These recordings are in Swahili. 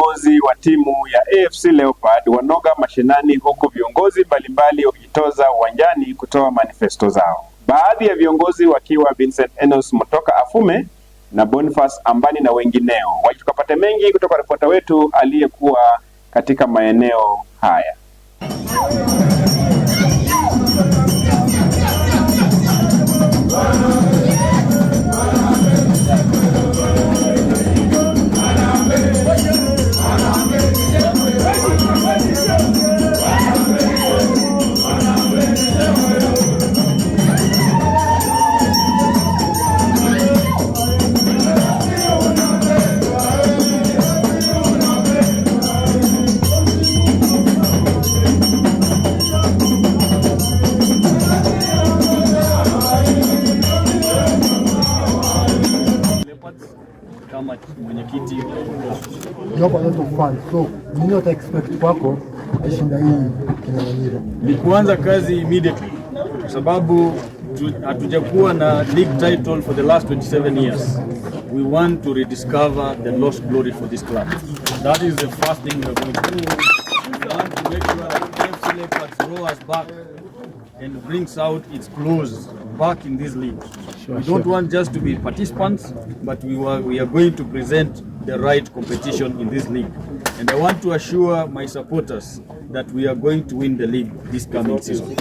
viongozi wa timu ya AFC Leopard wanoga mashinani, huku viongozi mbalimbali wakijitoza uwanjani kutoa manifesto zao, baadhi ya viongozi wakiwa Vincent Enos Motoka Afume na Boniface Ambani na wengineo. Wajitukapate mengi kutoka ripota wetu aliyekuwa katika maeneo haya. kama mwenyekiti So nini uta expect kwako ukishinda hii kinyang'anyiro? Ni kuanza kazi immediately kwa sababu hatujakuwa na league title for the last 27 years. We want to rediscover the lost glory for this club. That is the first thing we are going to do. We want to make sure that FC Leopards draw us back and brings out its pros back in this league. Sure, we don't sure. want just to be participants, but we are, we are going to present the right competition in this league. And I want to assure my supporters that we are going to win the league this coming season.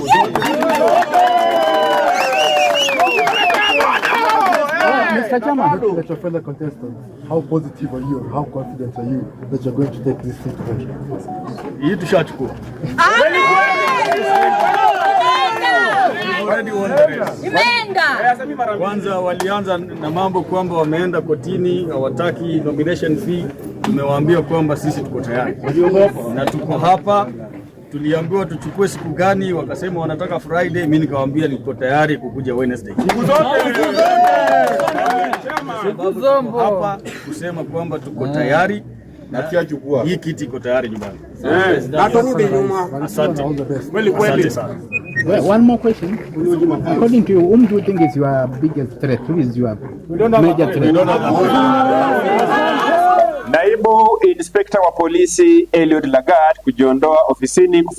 Mr. Chairman, that, your fellow contestants, how positive are you? How confident are you that you're going to take this thing to Hii tushachukua. Kwanza walianza na mambo kwamba wameenda kotini, hawataki nomination fee. Tumewaambia kwamba sisi tuko tayari na tuko hapa. Tuliambiwa tuchukue siku gani, wakasema wanataka Friday. Mimi nikawaambia niko tayari kukuja Wednesday, hapa kusema kwamba tuko tayari natia chukua hii kiti, iko tayari nyumbani, hatarudi eh, nyuma. Asante kweli kweli sana. Well, one more question. According to you, whom do you think is your biggest threat? Who is your major threat? Naibu Inspekta wa Polisi Eliud Lagat kujiondoa ofisini